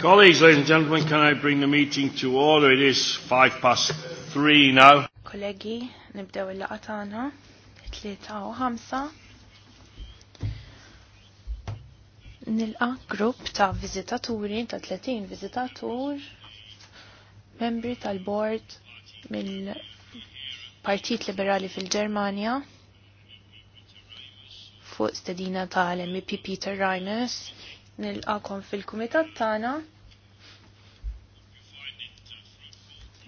Colleagues, ladies and gentlemen, can I bring the meeting to order? It is five past three now. Kollegi, nibdew il laqatana tlieta u ħamsa. Nilqa grupp ta' vizitaturi, ta' 30 vizitatur, membri tal board mill-Partit Liberali fil-Ġermanja fuq stedina tal mpp Peter Reimers nilqakom fil-kumitat tagħna.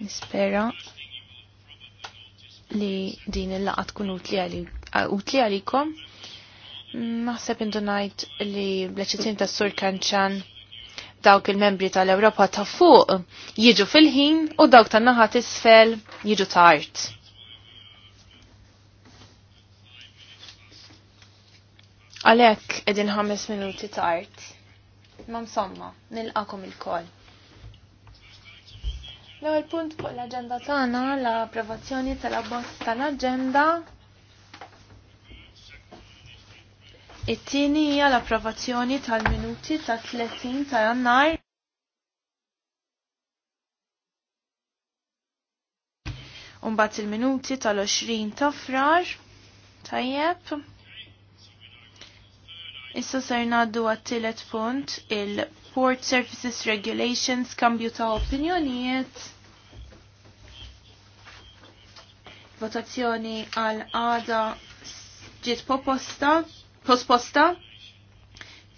Nispera li din il-laqa tkun utli uh, għalikom. Naħseb indunajt li bleċetin ta' sur kanċan dawk il-membri tal-Ewropa ta' fuq jiġu fil-ħin u dawk tan-naħat isfel jiġu tard. Għalek edin ħames minuti tard. Ma msomma, nilqakom il-koll. L-ewwel punt fuq l-aġenda tagħna l-approvazzjoni tal-abbozz tal-aġenda. It-tieni hija l-approvazzjoni tal-minuti ta' 30 ta' Jannar. Umbagħad il-minuti tal-20 ta' Frar. Tajjeb. Issa ser naddu għat-tielet punt il-Port Services Regulations kambju ta' opinjonijiet. Votazzjoni għal għada ġiet poposta, posposta.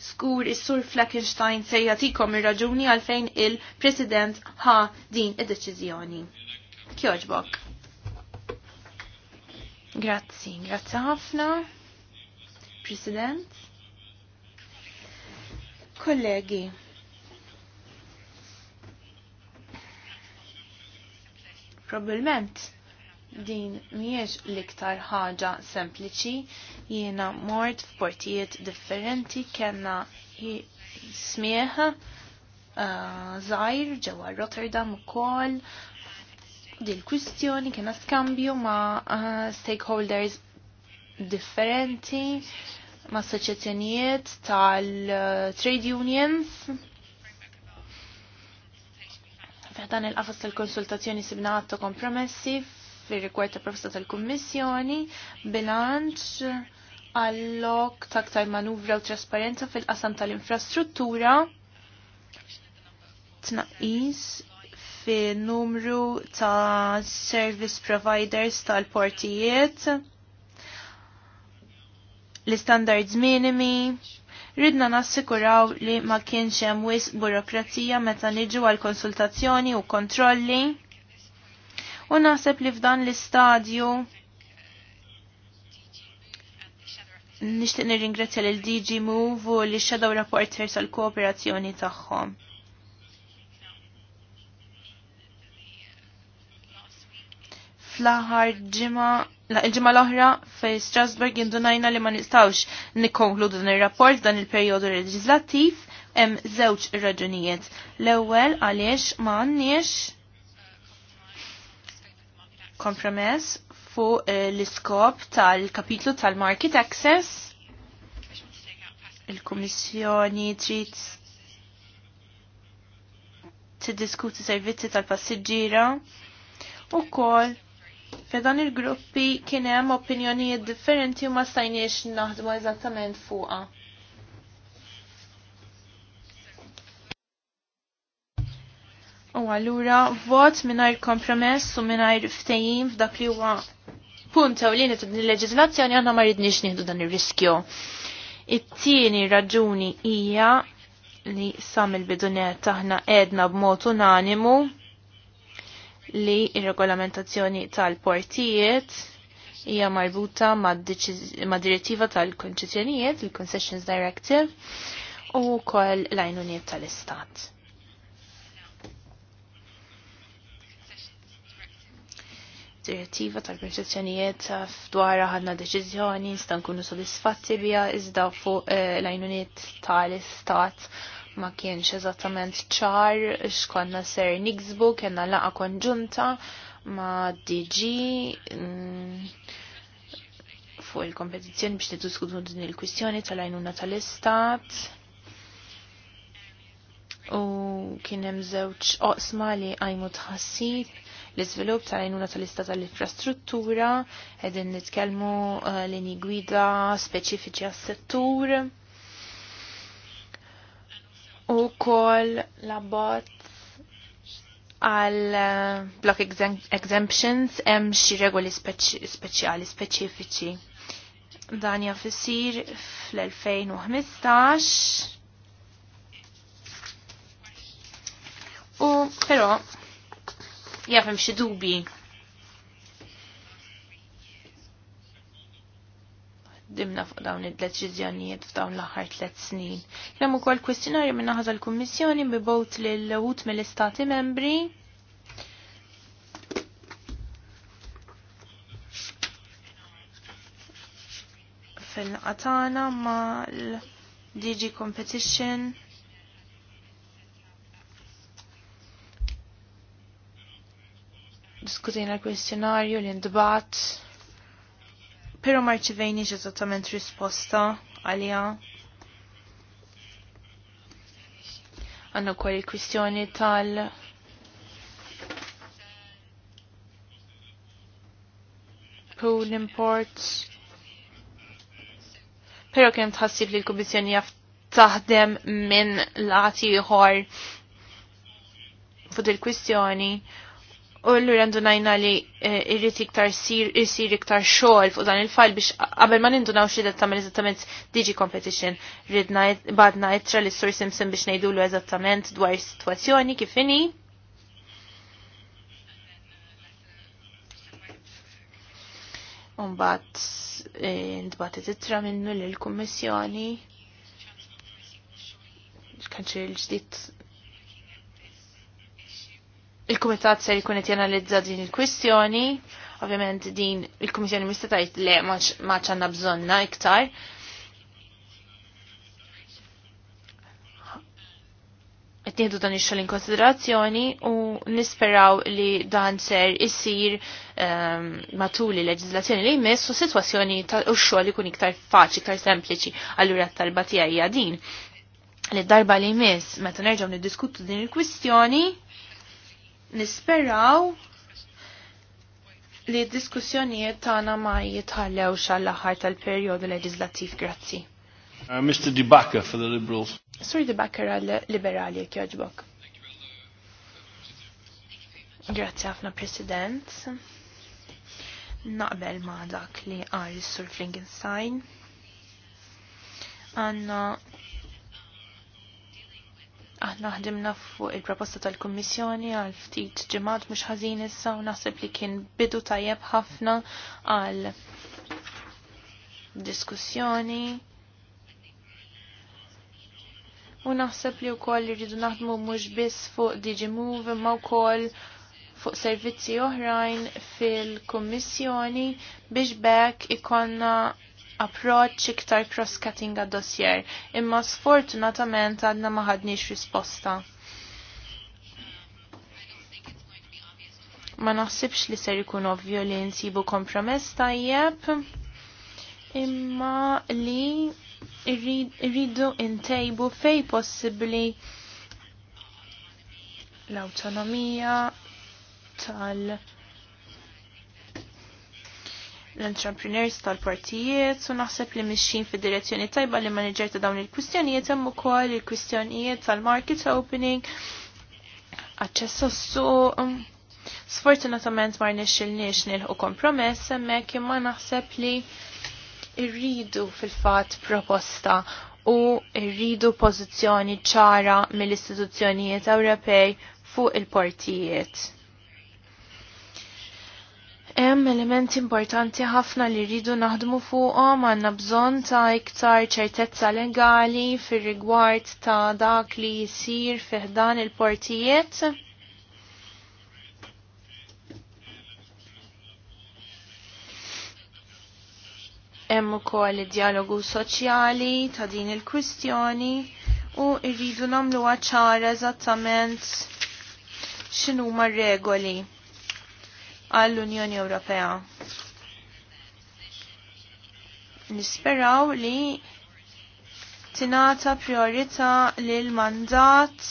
Skur is-Sur Fleckenstein se jagħtikom ir-raġuni għalfejn il-President ħa din id-deċiżjoni. Kjoġbok. Grazzi, grazzi ħafna. President. Kollegi, probabilment din miex liktar ħaġa sempliċi jiena mort f'portijiet differenti kena smieħ zaħir uh, ġewa Rotterdam u kol dil kwistjoni kena skambju ma uh, stakeholders differenti ma' soċjazzjonijiet tal-trade unions. Fiħdan il-qafas tal-konsultazzjoni sibna għattu kompromessi fir-rikward ta' proposta tal-Kummissjoni bilanċ għallok taktar manuvra u trasparenza fil-qasam tal-infrastruttura tnaqis fil numru ta' service providers tal-portijiet l-standards minimi, ridna nassikuraw li ma kienx hemm wis burokrazija meta niġu għal konsultazzjoni u kontrolli. U naħseb li f'dan l-istadju nixtieq nirringrazzja lil DG Move u li Shadow Reporters għal kooperazzjoni tagħhom. fl-aħħar ġimgħa il-ġimgħa l-oħra fej Strasburg jindunajna li ma nistgħux nikkonkludu dan ir-rapport dan il-perjodu leġislattiv hemm żewġ raġunijiet. L-ewwel għaliex m'għandniex kompromess fuq eh, l-iskop tal-kapitlu tal-Market Access. Il-Kummissjoni trid tiddiskuti servizzi tal-passiġġiera u kol Fedan il-gruppi kien hemm opinjonijiet differenti u ma stajniex naħdmu eżattament fuqha. U allura vot mingħajr kompromess u mingħajr ftehim f'dak li huwa punt ewlieni ta' din il-leġiżlazzjoni għandna ma rridniex nieħdu dan ir-riskju. It-tieni raġuni hija li sam il-bidunet aħna edna b'mod unanimu li ir-regolamentazzjoni tal-portijiet hija marbuta ma' direttiva tal-konċessjonijiet, il-Concessions Directive, u kol l-għajnuniet tal-Istat. direttiva tal-konċessjonijiet f'dwara ħadna deċiżjoni nista' nkunu sodisfatti biha iżda fuq eh, l-għajnuniet tal-istat ma kienx eżattament ċar x'konna ser niksbu kienna laqa konġunta ma DG mm, fuq il-kompetizzjoni biex tiddiskutu din il-kwistjoni tal-għajnuna tal-istat. U kien hemm żewġ oqsma li għajmu tħassib l-iżvilupp tal-għajnuna tal-istat tal-infrastruttura, qegħdin nitkellmu uh, linji gwida speċifiċi għas-settur u kol labot għal eh, block exemptions hemm xi regoli speċjali speċifiċi. Dan jaf isir fl-2015. U però jaf xi dubi Dimna fuq dawn id-deċiżjonijiet f'dawn l-aħħar tliet snin. Hemm ukoll kwestjonarju minn naħa tal-Kummissjoni bibgħut lil wut mill-Istati membri fil-qatana mal dg Competition. Diskutina l-kwestjonarju li ndbat pero marċivejni eżattament risposta għalija. Għanna kol il-kwistjoni tal- pool imports. Pero kem tħassib li l kubizjoni jaff taħdem minn lati ieħor fuq il-kwistjoni U l-rendunajna li eh, irrit iktar sir, irsir iktar xogħol fuq dan il-fajl biex qabel ma nindunaw xi tagħmel eżattament Digi Competition ridna badna ittra li Sur Simpson biex ngħidulu eżattament dwar is-sitwazzjoni kif inhi. Umbat eh, ndbatet ittra minnu l kummissjoni kanċi l-ġdid il-Kumitat se jkun qed janalizza din il-kwistjoni, ovvjament din il-Kummissjoni mista tajt le ma ċanna bżonna iktar. Qed nieħdu dan ix-xogħol in konsiderazzjoni u nisperaw li dan ser isir ehm, matul il-leġiżlazzjoni li jmiss u sitwazzjoni u x-xogħol ikun iktar faċli, iktar sempliċi. għallura t batija hija din li darba li jmiss meta nerġgħu niddiskutu din il-kwistjoni nisperaw li diskussjonijiet tagħna ma jitħallew għall-aħħar tal-perjodu leġislattiv grazzi. Uh, Mr. DeBacker for the Liberals. Sur DeBacker għall-Liberali jekk jogħġbok. Grazzi ħafna President. Naqbel ma dak li is sur Flingenstein. Għanna Aħna ħdimna fuq il-proposta tal-Kummissjoni għal ftit ġimgħat mhux ħażin issa u naħseb li kien bidu tajjeb ħafna għal diskussjoni. U naħseb li wkoll irridu naħdmu mhux biss fuq DigiMove imma wkoll fuq servizzi oħrajn fil-Kummissjoni biex bekk ikonna Approċċ iktar cross-cutting għad dossier, imma sfortunatament għadna ma ħadniex risposta. Ma naħsibx li ser ikun ovvju li nsibu kompromess tajjeb, imma li rridu intejbu fej possibli l-autonomija tal- l-entrepreneurs tal-partijiet u naħseb li mixin fi direzzjoni tajba li manager ta' dawn il-kwistjonijiet hemm ukoll il-kwistjonijiet tal-market opening, aċċess s-suq. Sfortunatament ma rnexxilniex nilħu kompromess hemmhekk imma naħseb li irridu fil-fatt proposta u rridu pożizzjoni ċara mill-istituzzjonijiet Ewropej fuq il-portijiet. Hemm elementi importanti ħafna li rridu naħdmu fuqhom għandna bżonn ta' iktar ċertezza legali fir-rigward ta' dak li jsir fih dan il-portijiet. hemm ukoll id-dialogu soċjali ta' din il-kwistjoni u rridu nagħmluha ċara eżattament r regoli għall-Unjoni Ewropea. Nisperaw li tinata priorità l mandat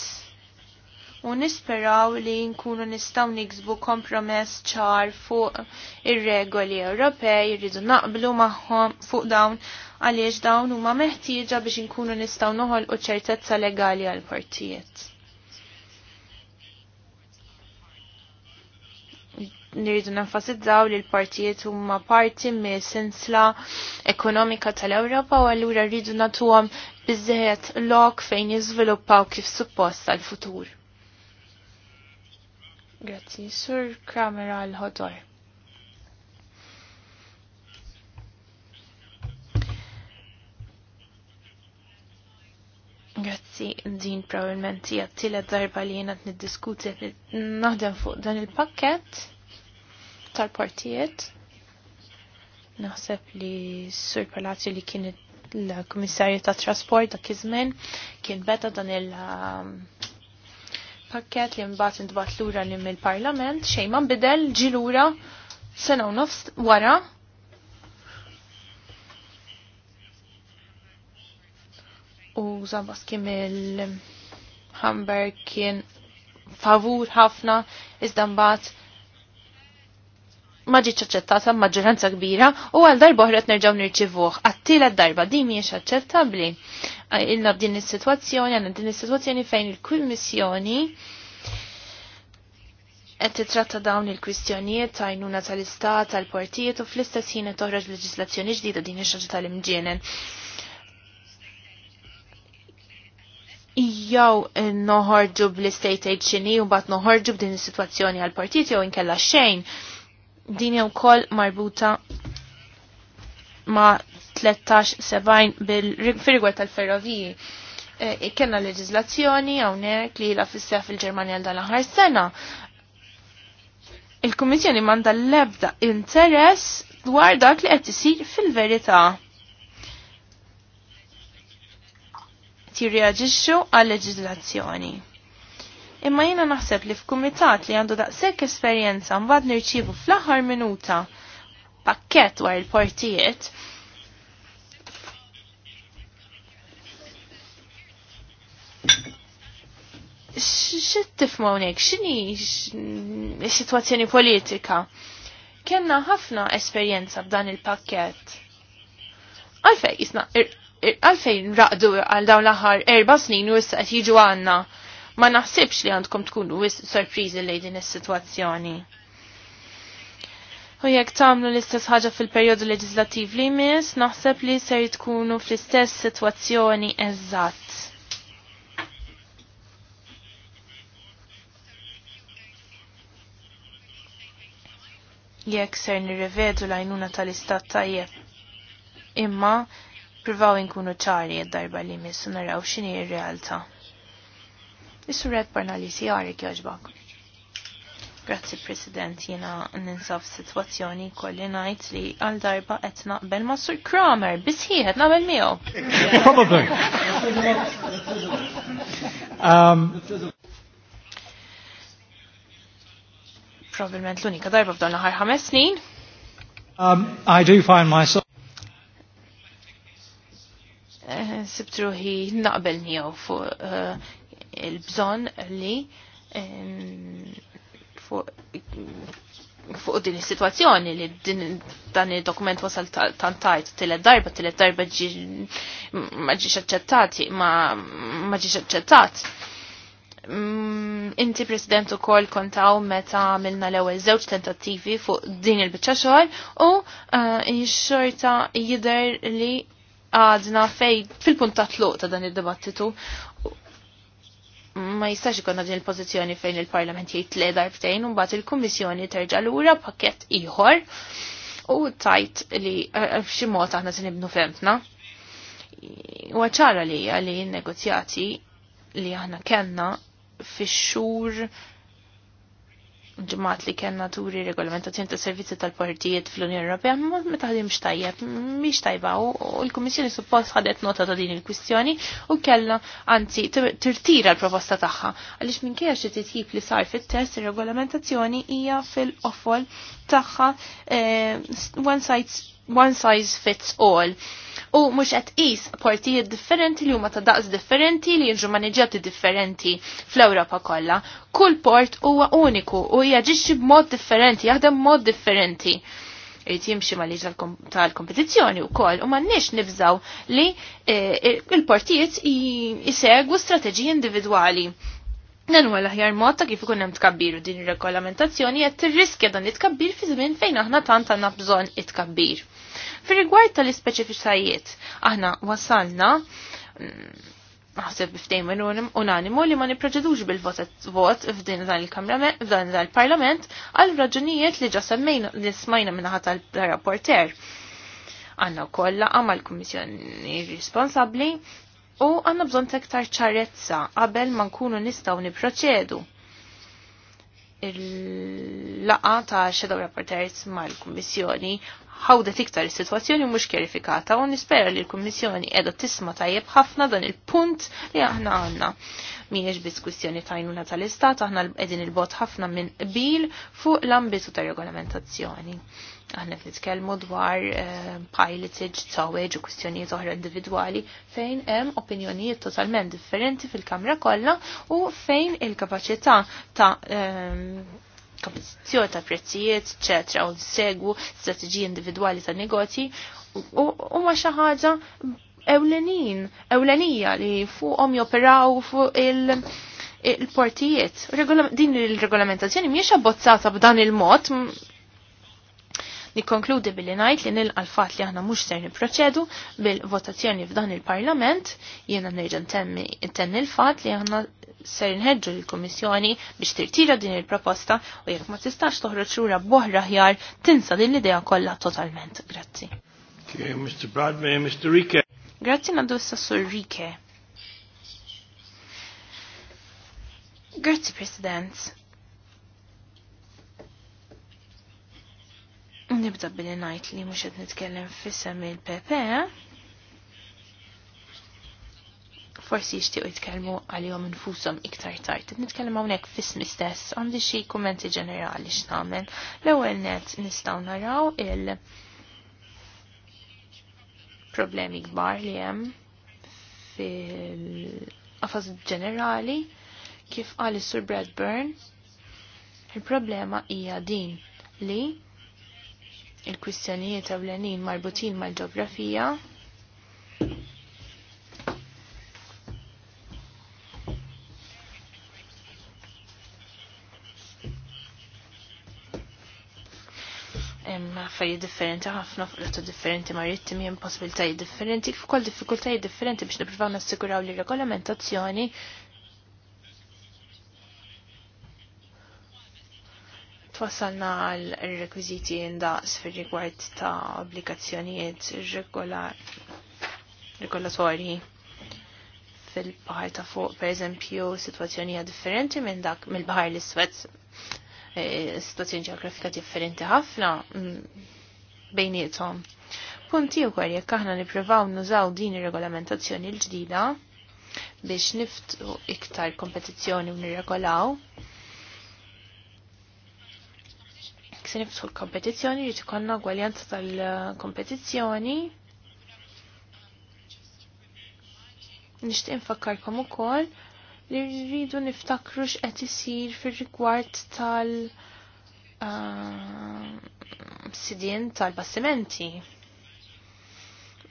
u nisperaw li nkunu nistaw niksbu kompromess ċar fuq ir-regoli Ewropej jridu naqblu magħhom fuq dawn għaliex dawn huma meħtieġa biex inkunu nistaw noħolqu ċertezza legali għal partijiet nirridu nenfasizzaw li l-partijiet huma parti me sensla ekonomika tal-Ewropa u allura rridu natuhom biżżejjed lok fejn jiżviluppaw kif suppost għal-futur. Grazzi, Sur kamera l ħodor Grazzi, din probabilment hija darba li jena niddiskuti naħdem fuq dan il-pakket tal-partijiet. Naħseb li Sur Palazzi li kien il-Kummissarju ta' Trasport ta' kizmen kien beda dan il- um, pakket li mbagħad intbagħat lura li mill-Parlament xejn ma nbidel ġi lura sena u nofs wara u żabas kim il-Hamburg kien favur ħafna iżda mbagħad ma ġietx aċċettata maġġoranza kbira u għal darba oħra nerġgħu nirċivuh. Għattila darba din mhijiex aċċettabbli. Ilna din is-sitwazzjoni, għandna din is-sitwazzjoni fejn il-Kummissjoni qed titratta dawn il-kwistjonijiet ta' għajnuna tal-istat, tal-partijiet u fl-istess ħin toħroġ leġislazzjoni ġdida din ix-xaġa tal-imġienen. jew noħorġu bl-estate aid xini u bat noħorġu b'din is-sitwazzjoni għal partijiet jew inkella xejn din jew kol marbuta ma 13-70 bil-rigward tal-ferroviji. E, e Kenna leġizlazzjoni hawnhekk li la fissija fil-Ġermanja l aħħar sena. Il-Kummissjoni manda l-ebda interess dwar dak li qed isir fil-verità. Tirreaġixxu għal leġizlazzjoni imma jiena naħseb li f'kumitat li għandu daqshekk esperjenza mbagħad nirċievu fl-aħħar minuta pakkett war il-portijiet xit tifmu hawnhekk, x'inhi s-sitwazzjoni politika? Kenna ħafna esperjenza b'dan il-pakkett. Għalfej jisna er, er, għalfejn raqdu għal dawn l-aħħar erba' snin u issa qed jiġu għandna ma naħsibx li għandkom tkunu wis sorpriżi li din is-sitwazzjoni. U jekk tagħmlu l-istess ħaġa fil-perjodu leġislattiv li jmiss, naħseb li ser tkunu fl-istess sitwazzjoni eżatt. Jekk ser nirrevedu l-għajnuna tal-istat tajjeb. Imma, provaw inkunu ċari id-darba li jmiss u naraw x'inhi r-realtà. Is-suret Barnali Sjari kjoġbak. Grazzi President, jena ninsaf situazzjoni kolli najt li għal darba qed naqbel ma' Sur Kramer, bis qed naqbel miegħu. Probably. um, Probabilment l-unika darba f'dan l-ħar ħames snin. Um, I do find myself eh, sibtruħi naqbel njew fuq eh, il-bżon li fuq din is-sitwazzjoni li din dan id-dokument wasal tantajt tilet darba, tilet darba ġi ma ġiex aċċettati, ma ma aċċettat. Mm, inti President u kol kontaw meta milna l ewwel żewġ tentattivi fuq din il-bicċa xogħol u eh, x-xorta jider li għadna fej fil-punt ta' tluq ta' dan id-dibattitu ma jistax ikonna din il-pożizzjoni fejn il-Parlament jgħid le darbtejn u mbagħad il-Kummissjoni terġa' lura pakkett ieħor u tajt li eh, eh, f'xi mod aħna se nibnu femtna. Huwa ċara li għalli negozjati li aħna kellna fix-xhur ġemat li kena turi regolamentazzjoni ta' servizzi tal-partijiet fl-Unjoni Ewropea ma taħdimx tajjeb, mhix tajba u l-Kummissjoni suppost ħadet nota ta' din il-kwistjoni u kellha anzi tirtira l-proposta tagħha għaliex minkejja xi titjib li sar fit-test ir-regolamentazzjoni hija fil-qofol tagħha eh, one size fits all u mhux qed qis portijiet differenti li huma ta' daqs differenti li jiġu maniġati differenti fl-Ewropa kollha. Kull port huwa uniku u jaġixxi b'mod differenti, jaħdem mod differenti irrit jimxi ma liġa tal-kompetizjoni u kol, u nix nibżaw li eh, il-partijiet jisegwu strateġiji individuali. Nen huwa l-aħjar mod ta' kif ikun hemm tkabbir u din ir-regolamentazzjoni qed tirriskja dan it-tkabbir fi żmien fejn aħna tant għandna bżonn it-tkabbir. Fir-rigward tal-ispeċifiċajiet, aħna wasalna mm, naħseb biftejmen unanimu li ma niproġedux bil-vot f'din dan il-parlament għal raġunijiet li ġasemmejna li smajna minnaħat tal-rapporter. Għanna kolla għamal kummissjoni responsabli u għanna bżon tektar ċarezza qabel ma nkunu nistaw niproċedu. Il-laqa ta' xedaw rapporters mal-kummissjoni ħawdet iktar is-sitwazzjoni mhux kjerifikata u nispera li l-Kummissjoni qiegħda tisma' tajjeb ħafna dan il-punt li aħna għandna. Mhijiex biss kwistjoni tajnuna tal-Istat, aħna qegħdin il-bot ħafna minn qbil fuq l-ambitu ta' regolamentazzjoni. Aħna qed nitkellmu dwar eh, pilotage, towage u kwistjonijiet oħra individwali fejn hemm opinjonijiet totalment differenti fil-Kamra kollha u fejn il-kapaċità ta' ehm, kompetizzjoni ta' prezzijiet, eċetera, u segwu strateġiji individwali ta' negozji u huma xi ħaġa ewlenin, ewlenija li fuqhom joperaw fuq il- il-portijiet. Din il-regolamentazzjoni mhijiex abbozzata b'dan il-mod, Nikkonkludi billi ngħid li nilqa' fatt li aħna mhux ser nipproċedu bil-votazzjoni f'dan il-Parlament, jiena nerġa' ntenni l-fatt li aħna ser nħeġġu l-Kummissjoni biex tirtira din il-proposta u jekk ma tistax toħroġ lura boħra ħjar tinsa din l-idea kollha totalment. Grazzi. Mr. Bradman, Mr. Rike. Grazzi għandu s-sassur Rike. Grazzi, President. Nibda billi najt li mux għed nitkellem fissem il-PPE. Eh? Forsi jixtiequ jitkellmu għal-jom nfusom iktar tart. Nitkellem għonek fissm istess, għandi xie kommenti ġenerali xnamen. L-ewel net nistaw naraw il- problemi kbar li hemm fil-qafas ġenerali kif qal is-Sur Bradburn il-problema hija din li il-kwistjonijiet ewlenin marbutin mal-ġeografija. affarijiet differenti ħafna flotta differenti marittimi hemm possibilitajiet differenti kif ukoll diffikultajiet differenti biex nippruvaw nassiguraw li regolamentazzjoni Twassalna għal rekwiziti indaqs fir rigward ta' obbligazzjonijiet regolatorji fil-bahar ta' fuq, per eżempju, situazzjonija differenti minn dak mill-bahar l-iswed, e, situazzjoni ġeografika differenti ħafna mm, bejnietom. Punti u kwer jekk aħna nippruvaw nużaw din ir-regolamentazzjoni l-ġdida biex niftu iktar kompetizzjoni u nirregolaw se niftħu l-kompetizzjoni li tkollna gwaljanza tal-kompetizzjoni. Nixtieq infakkarkom ukoll li rridu niftakru x'qed isir fir-rigward tal- ah, sidien tal-bastimenti.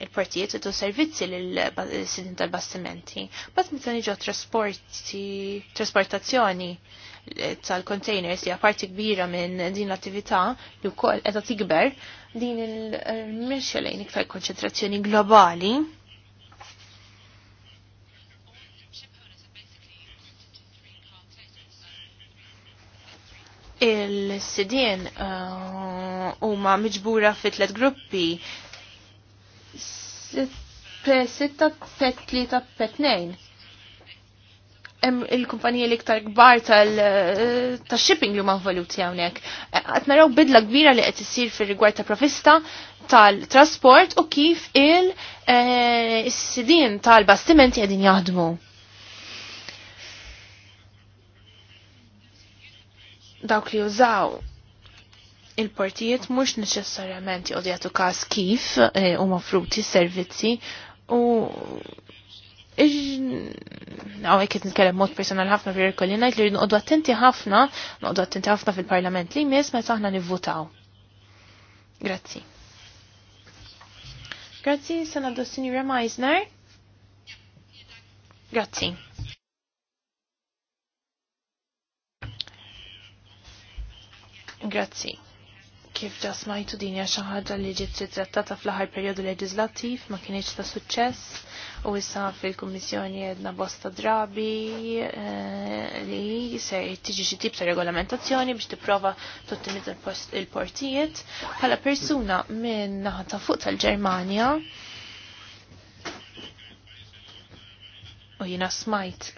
Il-partijiet għedu servizzi l-sidien tal-bastimenti. Bat meta niġu trasporti, trasportazzjoni, tal-containers hija parti kbira minn din l-attività li wkoll qiegħda tikber din il-mixja lejn iktar konċentrazzjoni globali. Il-sidien uh, huma uh, miġbura fit gruppi P6, P3, P2 il-kumpanija l-iktar kbar tal-shipping eh, li ma valuti għawnek. Għat eh, naraw bidla kbira li għet jisir fil rigward ta' profista tal-trasport u kif il-sidin eh, tal-bastimenti għedin jaħdmu. Dawk li użaw il portijiet mux neċessarjament jgħodjatu kas kif u mafruti servizzi u Għaw jek nitkellem mod personal ħafna fi rekolli najt li nqoddu attenti ħafna, nqoddu attenti ħafna fil-parlament li mis meta aħna nivvotaw. Grazzi. Grazzi, sena do Signora Meisner. Grazzi. Grazzi kif ġasmajtu dinja din xi ħaġa li ġiet trattata fl-aħħar perjodu leġislattiv ma kienx ta' suċċess u issa fil-Kummissjoni għedna bosta drabi eh, li se tiġi xi tip ta' regolamentazzjoni biex tipprova tottimizza l portijiet Bħala persuna minn naħa ta' fuq tal-Ġermanja u jiena smajt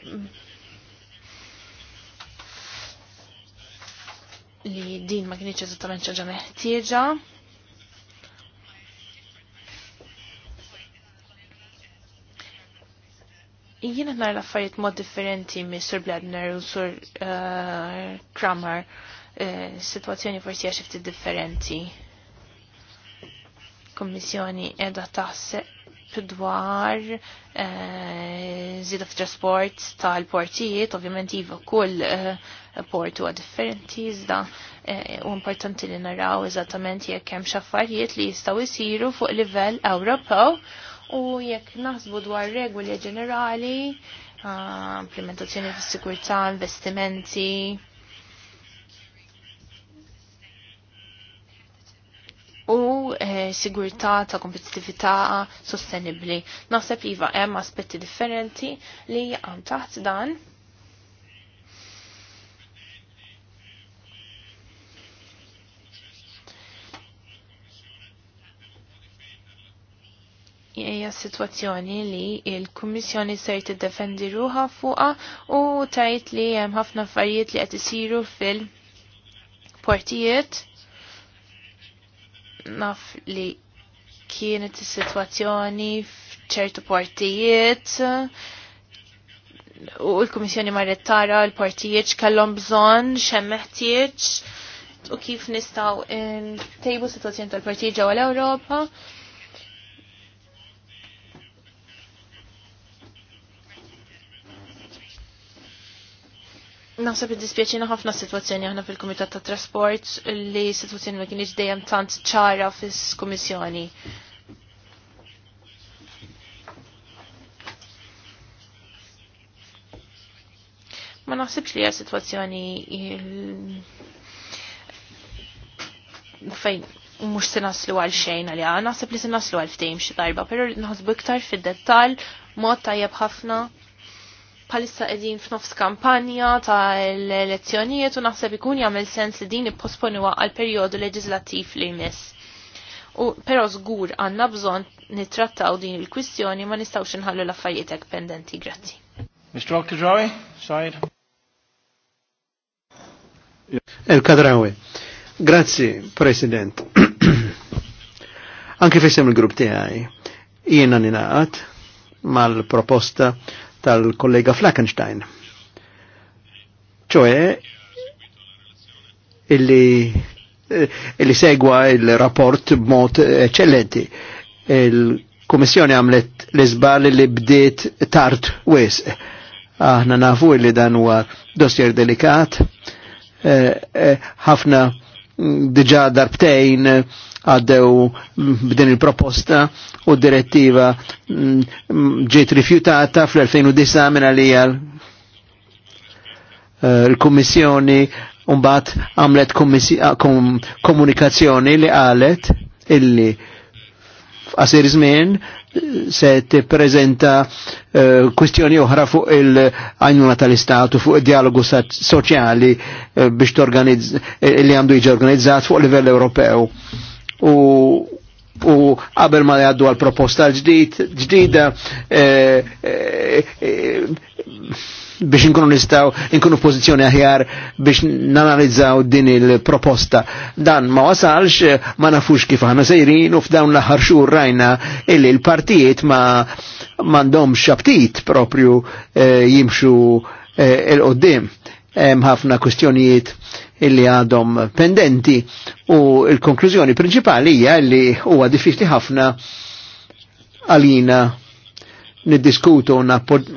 li din ma kienieċ eżattament ħaġa meħtieġa. Jiena nara l-affarijiet mod differenti minn Sur Bladner u Sur eh, Kramer, uh, situazzjoni forsi għax ftit differenti. Kommissjoni edha taħseb dwar eh, zida f-trasport tal-portijiet, ovvjament iva kull eh, portu huwa differenti, iżda eh, u importanti li naraw eżattament jekk kem xaffarijiet li jistgħu jsiru fuq livell Ewropew u jekk naħsbu dwar regoli ġenerali, implementazzjoni fis-sigurtà, investimenti, sigurtà, ta' kompetitività sostenibbli. Naħseb iva hemm aspetti differenti li għan taħt dan. hija situazzjoni li il-Kummissjoni ser tiddefendi ruha fuqha u tajt li hemm ħafna affarijiet li qed isiru fil-portijiet naf li kienet is-sitwazzjoni f'ċertu partijiet u l-Kummissjoni marret tara l-partijiet kellhom bżonn x'emm meħtieġ u kif nistgħu ntejbu situazzjoni tal-partijiet ġewwa l-Ewropa Naħseb id-dispjaċina ħafna situazzjoni aħna fil-Kumitat ta' Trasport li situazzjoni ma kienx dejjem tant ċara fis-Kummissjoni. Ma naħsibx li hija situazzjoni fejn mhux se naslu għal xejn għalija, naħseb li se naslu għal ftehim xi darba, però naħsbu iktar fid-dettall mod tajjeb ħafna palissa edin f'nofs kampanja ta' l-elezzjonijiet u naħseb ikun jagħmel sens li din ipposponiwa għal perjodu leġislattiv li jmiss. U però żgur għandna bżonn nittrattaw din il-kwistjoni ma nistgħux inħallu l-affarijiet hekk pendenti. Grazzi. Mr. Al-Kadrawi, Said. El-Kadrawi. Grazzi, President. Anke fisem il-grupp tiegħi jiena ninaqat mal-proposta tal-kollega Flakenstein. ċoe, illi, eh, illi segwa il-rapport b b'mod eccellenti. Il-Komissjoni għamlet l-izbal li bdiet tart wis. Aħna nafu illi dan huwa dossier delikat, ħafna eh, eh, mm, diġa darbtejn għaddew b'din il-proposta u direttiva mm, mm, ġiet rifjutata fl-2009 minn għalija eh, l-Kummissjoni Umbat għamlet ah, komunikazzjoni li għalet illi għasir żmien eh, se tippreżenta eh, kwistjoni uh, oħra fuq il-għajnuna tal istatu fuq id-dialogu soċjali t biex li għandu jiġi organizzat fuq livell Ewropew u u qabel ma jgħaddu għal proposta l-ġdid, ġdida eh, eh, eh, biex nkunu nistaw, nkunu pozizjoni aħjar biex nanalizzaw din il-proposta. Dan ma wasalx, ma nafux kif aħna sejrin u f'dawn l-aħħar xhur rajna illi l-partijiet ma m'għandhomx xabtit propju jimxu il-qoddim. Hemm ħafna kwistjonijiet illi għadhom pendenti u l-konklużjoni prinċipali hija li huwa diffiċli ħafna għalina niddiskutu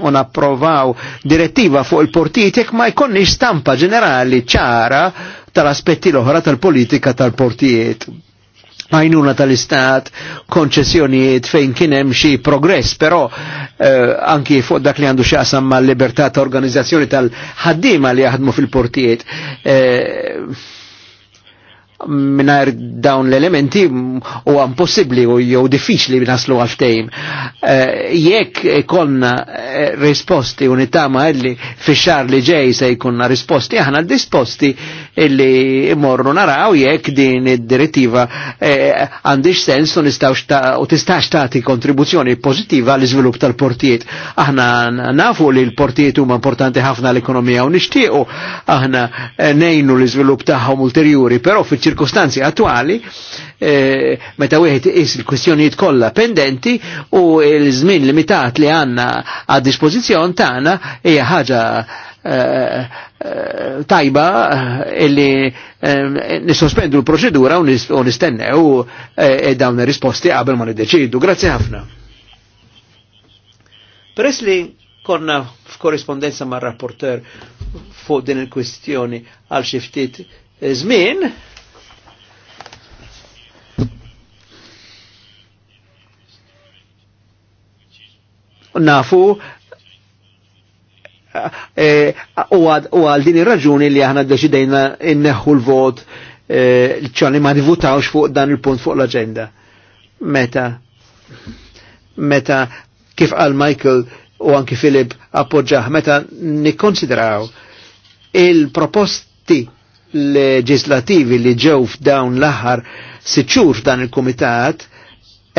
u napprovaw direttiva fuq il-portijiet jekk ma jkunniex stampa ġenerali ċara tal-aspetti l-oħra tal-politika tal-portijiet għajnuna tal-istat, konċessjonijiet fejn kienem xi progress, però eh, anki fuq dak li għandu xaqsam ma' libertà ta' organizzazzjoni tal-ħaddima li jaħdmu fil-portijiet. Eh, minar dawn l-elementi u għan u jew diffiċli naslu għal-ftejn. Eh, jekk konna eh, risposti unitama illi fi xar li ġej se jkunna risposti, aħna disposti illi morru naraw jekk din id-direttiva eh, għandix sens u u tistax tagħti kontribuzzjoni pozitiva għall iżvilupp tal-portijiet. Aħna nafu li l-portijiet huma importanti ħafna l-ekonomija u nixtiequ aħna nejnu l-iżvilupp tagħhom ulterjuri, però fiċ ċirkustanzi attuali, eh, meta wieħed is il-kwistjonijiet kollha pendenti u l-żmien limitat li għandna għad dispożizzjon tagħna hija ħaġa eh, eh, tajba illi nisospendu l-proċedura u nistennew dawn ir-risposti qabel ma niddeċidu. Grazzi ħafna. Peress li konna f'korrispondenza ma' rapporter fuq din il-kwistjoni għal xiftit żmien, nafu eh, u għal din ir-raġuni li aħna deċidejna inneħħu l-vot eh, ċani ma nivutawx fuq dan il-punt fuq l-agenda. Meta, meta kif għal Michael u anki Filip appoġġaħ, meta nikkonsidraw il-proposti leġislativi li ġew f'dawn l-aħħar siċur f'dan il-komitat,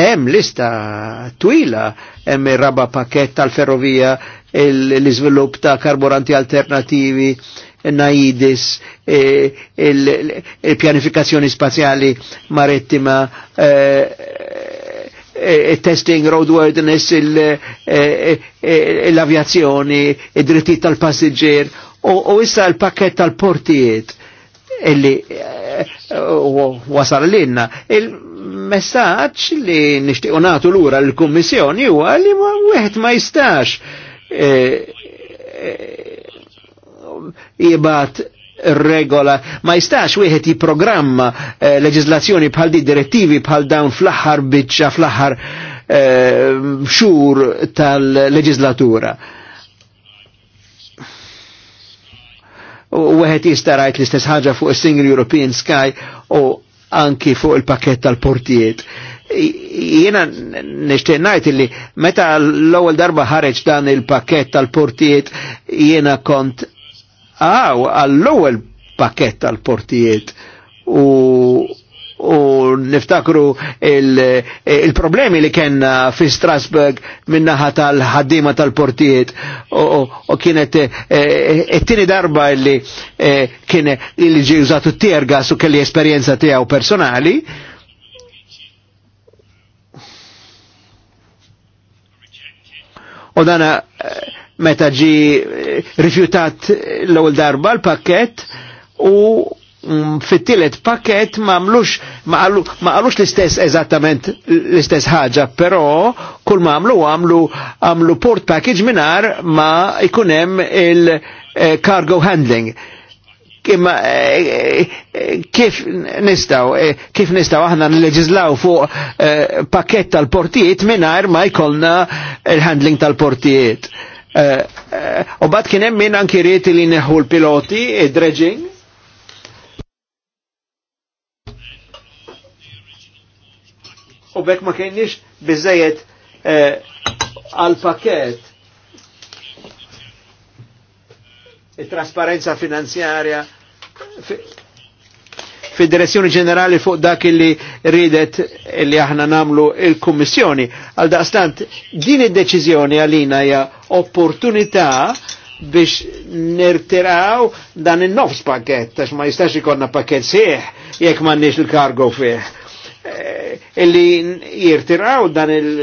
Hemm lista twila hemm ir-raba pakett tal-ferrovija l-iżvilupp ta' karburanti alternativi najidis e, il-pjanifikazzjoni spazjali marittima, e, e, testing roadworthiness, l-avjazzjoni, id-dritti tal-passiġġier, u issa l-pakket tal-portijiet illi wasal l-inna messaċ li nixtiequ nagħtu lura l-Kummissjoni huwa li wieħed ma jistax eh, eh, jibat regola, ma jistax wieħed jipprogramma eh, leġislazzjoni bħal di direttivi bħal dawn fl-aħħar biċċa fl-aħħar xhur tal-leġislatura. U wieħed jista' rajt l-istess ħaġa fuq is-Single European Sky u anki fuq il-pakket tal-portijiet. Jena nishtiq ngħid illi meta l-ewwel darba ħareġ dan il-pakket tal-portijiet jiena kont għaw għall-ewwel pakket tal-portijiet u u niftakru il-problemi il li kena fi Strasburg minnaħa tal-ħaddima tal-portijiet u kienet eh, eh, it-tini darba li eh, kien li ġi użatu t-tiergas u kelli esperienza tiegħu personali. U dana meta ġi rifjutat l-ewwel darba l-pakket u Mm, fit-tielet pakket ma għamlux ma għalux l-istess eżattament l-istess ħaġa, però kull ma għamlu għamlu għamlu port package minar ma ikunem il-cargo eh, handling. Imma eh, eh, kif nistaw, kif nistaw aħna nleġizlaw fuq pakket tal-portijiet minar ma jkollna il-handling tal-portijiet. U bat kienem min anki li neħu l-piloti, il-dredging, u bekk ma kienix bizzejet eh, għal paket pakket il-trasparenza finanzjarja fi direzzjoni ġenerali fuq dak li ridet li aħna namlu il-Kummissjoni. Għal daqstant, din id-deċizjoni għalina hija opportunità biex nirtiraw dan il-nofs pakket, tax ma jistax ikonna pakket sieħ jekk m'għandniex il-kargo fih. Eh, illi jirtiraw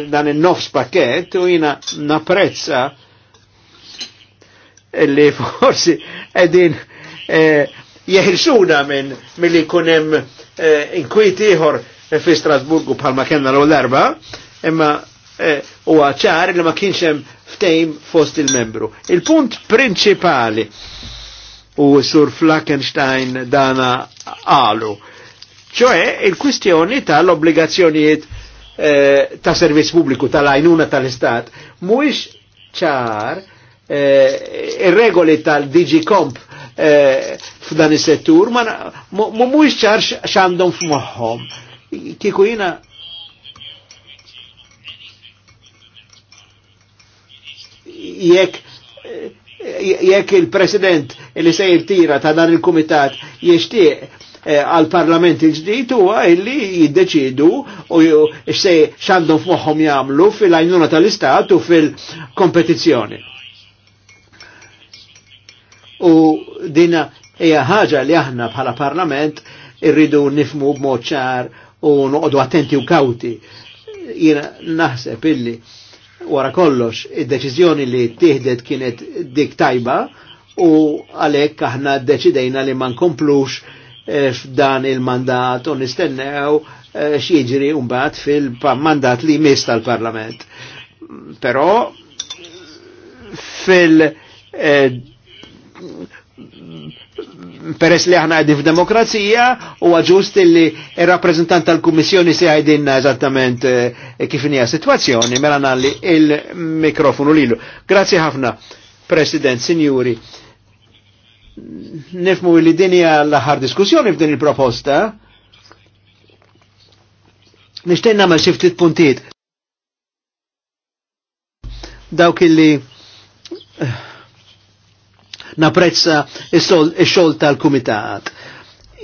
dan il-nofs pakket u jina naprezza illi forsi edin eh, jeħilsuna minn mill-li kunem eh, inkwitiħor fi Strasburgu Palma kena l-darba, imma eh, u ċar li ma kienxem ftejm fost il-membru. Il-punt principali u sur Flakenstein dana għalu ċoħe il-kwistjoni tal-obbligazzjonijiet eh, ta' servizz pubbliku tal ajnuna tal-istat mhuwiex ċar eh, ir-regoli tal-DigiComp eh, f'dan is-settur ma mhuwiex ċar x'għandhom f'moħħom. Kieku jiena jek eh, jek il-president li sejr tira ta' dan il-komitat jishtiq Eh, għal-parlament il-ġdijt huwa illi jiddeċidu u xse xandhom f'moħħom jagħmlu fil-għajnuna tal-istat u fil-kompetizzjoni. U dina hija ħaġa li aħna bħala parlament irridu nifmu b'mod u noqogħdu attenti u kawti. Jiena naħseb illi wara kollox id-deċiżjoni li tieħdet kienet dik tajba u għalhekk aħna ddeċidejna li ma nkomplux f'dan il-mandat u nistennew eh, xieġri mbagħad fil-mandat li mis tal-parlament. Però fil- eh, peress li aħna għedin f'demokrazija u għagġust li il-rappresentant tal-Kummissjoni se għajdinna eżattament eh, kif hija situazzjoni, mela nalli il-mikrofonu lilu. Grazie ħafna, President, Signori nifmu li dinja l-ħar diskussjoni f'din il-proposta, nagħmel xi ftit puntiet. Dawk illi eh, naprezza ix-xogħol tal-kumitat.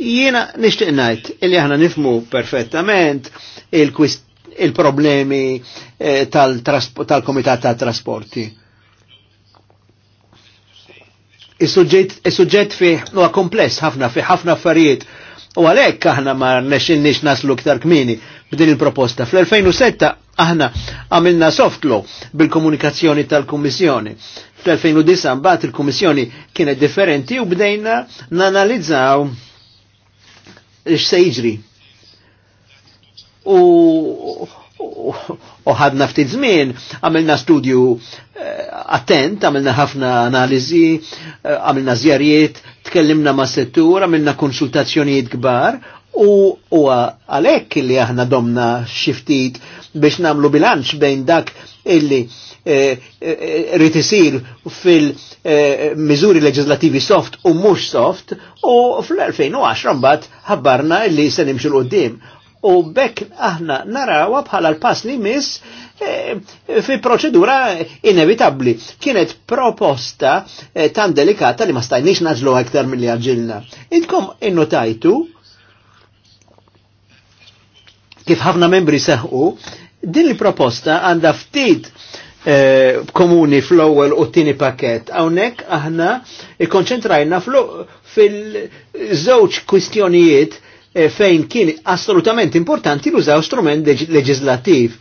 Jiena nixtieq ngħid illi aħna nifmu perfettament il problemi eh, tal komitat tal trasporti tal trasporti Is-suġġett fi huwa kompless ħafna fi ħafna affarijiet. U għalhekk aħna ma nexxilniex naslu ktar kmini b'din il-proposta. Fl-2007 aħna għamilna soft law bil-komunikazzjoni tal-Kummissjoni. Fl-2009 mbagħad il-Kummissjoni kienet differenti u bdejna nanalizzaw x'se jiġri. U u ħadna ftit żmien, għamilna studju eh, attent, għamilna ħafna analiżi, eh, għamilna żjarijiet, tkellimna ma' settur, għamilna konsultazzjonijiet kbar u għalhekk li aħna domna xiftit biex namlu bilanċ bejn dak illi eh, rrit isir fil-miżuri leġislativi soft u mhux soft u fl-2010 mbagħad ħabbarna illi se nimxu l qoddim u bekk aħna narawa bħala l-pass li miss eh, eh, fi proċedura inevitabli. Kienet proposta eh, tan delikata li ma stajniex naġlu aktar mill-li għagġilna. Intkom innotajtu kif ħafna membri seħu, din il-proposta għanda ftit komuni fl-ewwel u t-tieni pakett. Hawnhekk aħna ikkonċentrajna fil-żewġ kwistjonijiet Eh, fejn kien assolutament importanti l-użaw strument leġislativ.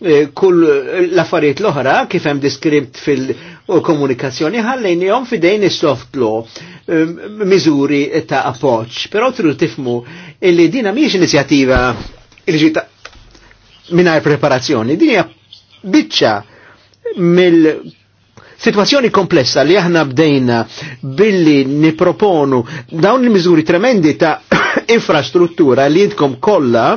Eh, kull eh, l-affarijiet l-oħra kif hemm diskript fil-komunikazzjoni ħallejnihom fidejn is-soft law miżuri ta' appoġġ. Però tridu tifmu illi dina mhijiex inizjattiva irġita mingħajr preparazzjoni, din hija biċċa mill situazzjoni komplessa li aħna bdejna billi niproponu dawn il-miżuri tremendi ta' infrastruttura li jintkom kolla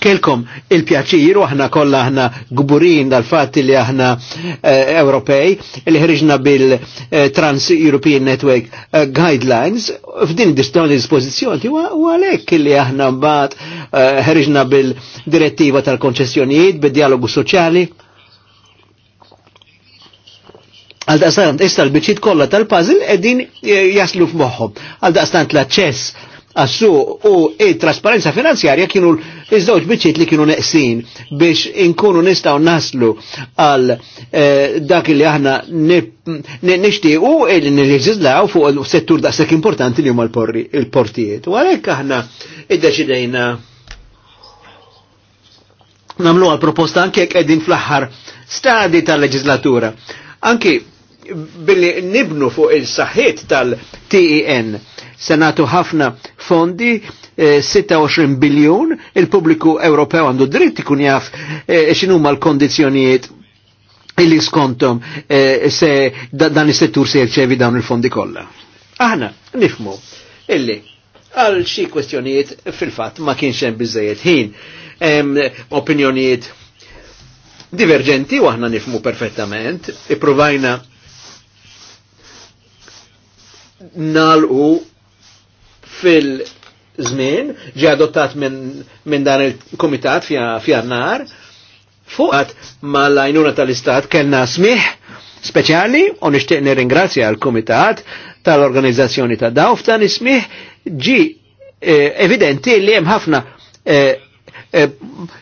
kelkom il-pjaċir u aħna kollha aħna gburin dal fat li aħna uh, Ewropej li ħriġna bil-Trans European Network eh, Guidelines f'din dawn dispozizjoni u għalhekk li aħna mbagħad eh, ħriġna uh, bil-direttiva tal-konċessjonijiet bil dialogu soċjali. Għal daqstant, issa l-biċit kollha tal pazil qegħdin jaslu f'moħħom. Għal daqstant l-aċċess għassu u il-trasparenza finanzjarja kienu l żewġ biċiet li kienu neqsin biex inkunu nistaw naslu għal eh, dak li aħna nixtiequ li nirreġizlaw fuq il-settur daqshekk importanti li huma l-portijiet. U għalhekk aħna id-deċidejna namlu għal proposta anke qegħdin fl-aħħar stadi tal-leġislatura. Anki billi nibnu fuq il-saħħit tal-TEN. Senatu ħafna fondi, 26 eh, biljun, il-pubbliku Ewropew għandu dritt ikun jaf eh, x'inhuma l-kondizzjonijiet illi skontom eh, se dan is-settur se jirċevi dawn il-fondi kollha. Aħna nifmu illi għal xi kwestjonijiet fil-fatt ma kienx hemm biżejjed ħin. Opinjonijiet diverġenti u aħna nifmu perfettament, ipprovajna nalqu fil-żmien ġi adottat minn min dan il-komitat fjannar fuqat ma l-għajnuna tal-istat kellna smih speċjali u nixtieq nirringrazzja l-komitat tal-organizzazzjoni ta' daw f'dan ismih ġi eh, evidenti li hemm ħafna eh,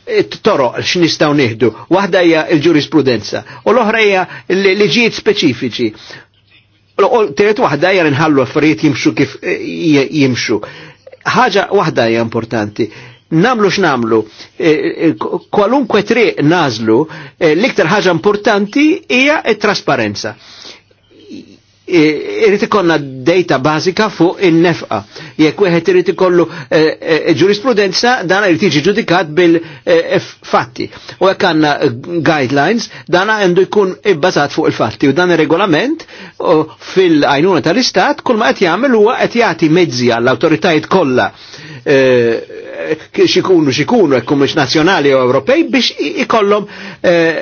eh toroq x'nistgħu nieħdu. Waħda hija l-ġurisprudenza u l-oħra hija liġijiet speċifiċi. Tiret wahda jgħan nħallu affarijiet jimxu kif e, jimxu. ħaġa wahda hija importanti. Namlu x'namlu, e, e, kwalunkwe triq nażlu, l-iktar ħaġa importanti hija t trasparenza irrit ikonna data bazika fuq in-nefqa. Jekk wieħed irrit ikollu eh, eh, ġurisprudenza dana irid iġi ġudikat bil-fatti. U jekk għandna guidelines dan għandu jkun ibbażat fuq il-fatti u dan ir-regolament eh, fil-għajnuna tal-istat kull ma qed jagħmel huwa qed jagħti mezzi għall-awtoritajiet kollha Eh, eh, xikunu xikunu ekkumiex nazjonali u Ewropej biex ikollom eh,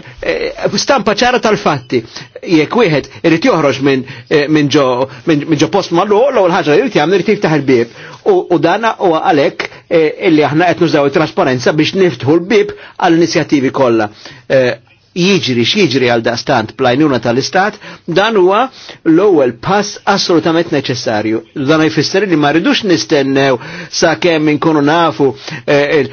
stampa ċara tal-fatti. Jekk wieħed irid joħroġ minn ġo post mallu l ħaġa li jrid jagħmel irid jiftaħ il-bib. U dana huwa għalek illi aħna qed nużaw it-trasparenza biex niftħu l-bib għall-inizjattivi kollha jiġri xieġri għal daqstant plajnuna tal-istat, dan huwa l-ewwel pass assolutament neċessarju. Dan jfisser li ma rridux nistennew sakemm inkunu nafu eh,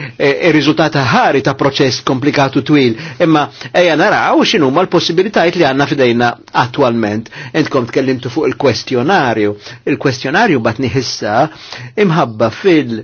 ir-riżultat eh, ħari ta' proċess komplikatu twil, imma ejja naraw xinu ma l possibilitajt li għandna f'idejna attualment. Entkom tkellimtu fuq il-kwestjonarju. Il-kwestjonarju bat issa imħabba fil-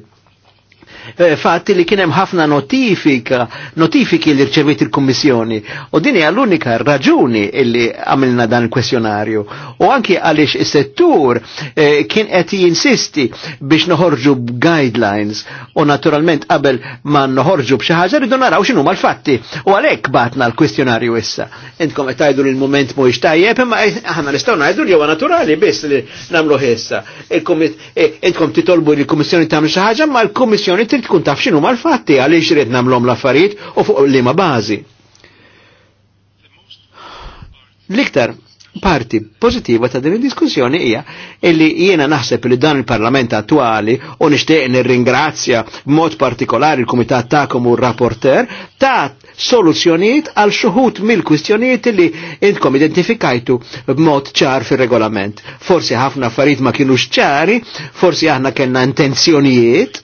Eh, fatti li kienem ħafna notifika, notifiki li rċevit il-Kommissjoni. U din hija l-unika raġuni illi għamilna dan il-kwestjonarju. U anki għaliex is-settur eh, kien qed jinsisti biex noħorġu guidelines u naturalment qabel ma noħorġu b'xi ħaġa rridu naraw x'inhu mal-fatti. U għalhekk batna l-kwestjonarju issa. Intkom qed tgħidu li l-mument mhuwiex tajjeb, imma aħna nistgħu ngħidu li huwa naturali biss li nagħmlu issa. Eh, intkom titolbu li l-Kummissjoni tagħmel xi ħaġa, ma l-Kummissjoni trid tkun taf x'inhu mal-fatti għaliex irid nagħmlhom l-affarijiet u fuq liema bażi. L-iktar parti pozittiva ta' din id-diskussjoni hija illi jiena naħseb li dan il-Parlament attwali u nixtieq nirringrazzja b'mod partikolari l-Kumitat tagħkom u r-rapporter ta' soluzzjonijiet għal xuħut mill-kwistjonijiet li intkom identifikajtu b'mod ċar fir-regolament. Forsi ħafna affarijiet ma kienux ċari, forsi aħna kellna intenzjonijiet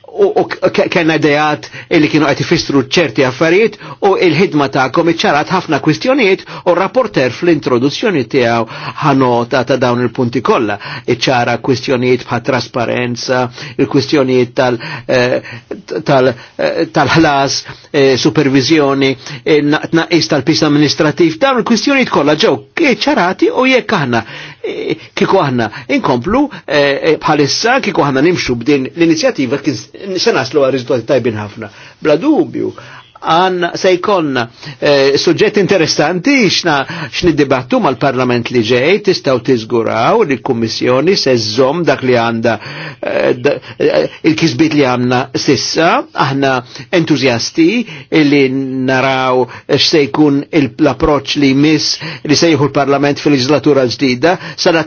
u kena idejat illi kienu għati fistru ċerti affarijiet u il-ħidma ta' komiċċarat ħafna kwistjonijiet u rapporter fl-introduzzjoni tiegħu ħanota ta' dawn il-punti kollha iċċara kwistjonijiet bħal trasparenza, il-kwistjonijiet eh, eh, tal-ħlas, eh, supervizjoni, tnaqqis tal-pis amministrativ, dawn il-kwistjonijiet kollha ġew iċċarati u jekk aħna kieku aħna inkomplu bħalissa kieku aħna nimxu b'din l-inizjattiva se naslu għal riżultati tajbin ħafna. Bla dubju, għan se suġġet eh, interessanti xna xniddibattu mal-parlament li ġej tistaw tiżguraw li kummissjoni se zom dak li għanda eh, eh, il kizbit li għanna sissa aħna entuzjasti li naraw x'se jkun l-approċ li mis li se jieħu l-parlament fil-leġislatura ġdida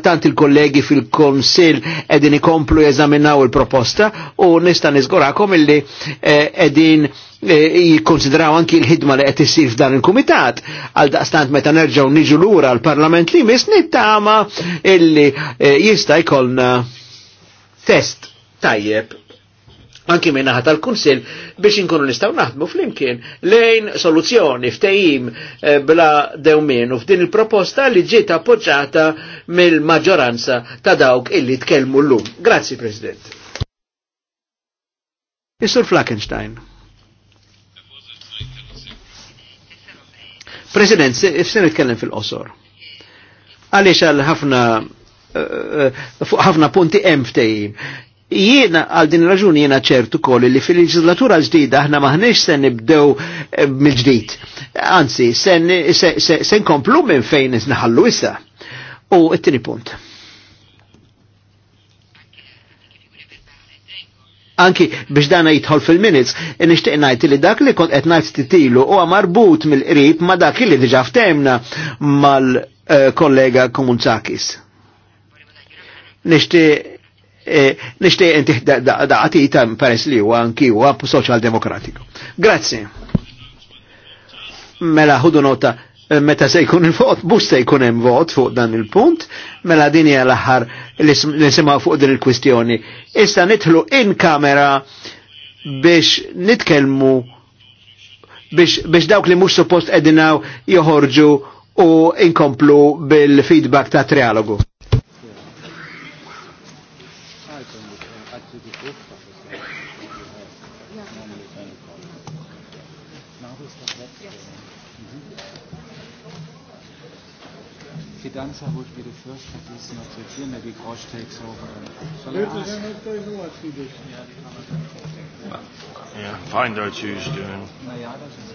tant il-kollegi fil-konsil edin ikomplu jeżaminaw il-proposta u nista nizgurakom illi eh, edin E, jikkonsidraw anki l-ħidma li qed issir f'dan il-kumitat għal daqstant meta nerġgħu niġu lura l-Parlament li mis nittama illi e, jista' jkollna test tajjeb anki minnaħa tal-Kunsil biex inkunu nistaw naħdmu flimkien lejn soluzzjoni ftehim e, bla u f'din il-proposta li ġiet appoġġata mill-maġġoranza ta' dawk illi tkellmu llum. Grazzi, President. is Flakenstein. President, se nitkellem fil-qosor. Għaliex għal ħafna eh, eh, fuq ħafna punti hemm ftehim. Jiena għal din raġuni jiena ċertu koll li fil-leġislatura ġdida aħna maħniex se nibdew eh, mill-ġdid. Anzi, se nkomplu minn fejn isnaħallu issa. U t-tini punt anki biex dana jidħol fil-minutes, e nishtiq najt li dak li kont qed ngħid titilu huwa marbut mill-qrib ma dak li diġà ftemna mal-kollega Komunzakis. Nixtieq nixtieq inti daqatita peress li huwa anki huwa soċjal demokratiku. Grazzi. Mela ħudu nota Eh, meta se jkun il-vot, bus se jkun hemm vot fuq dan il-punt, mela din hija l-aħħar li simgħu fuq din il-kwistjoni. Issa nidħlu in kamera biex nitkellmu biex, dawk li mhux suppost edinaw joħorġu u inkomplu bil-feedback ta' trialogu. Danza would be the first, but he's not yet here. Maybe Grosch takes over. Shall I ask? Yeah, find out who's doing. Naja, das ist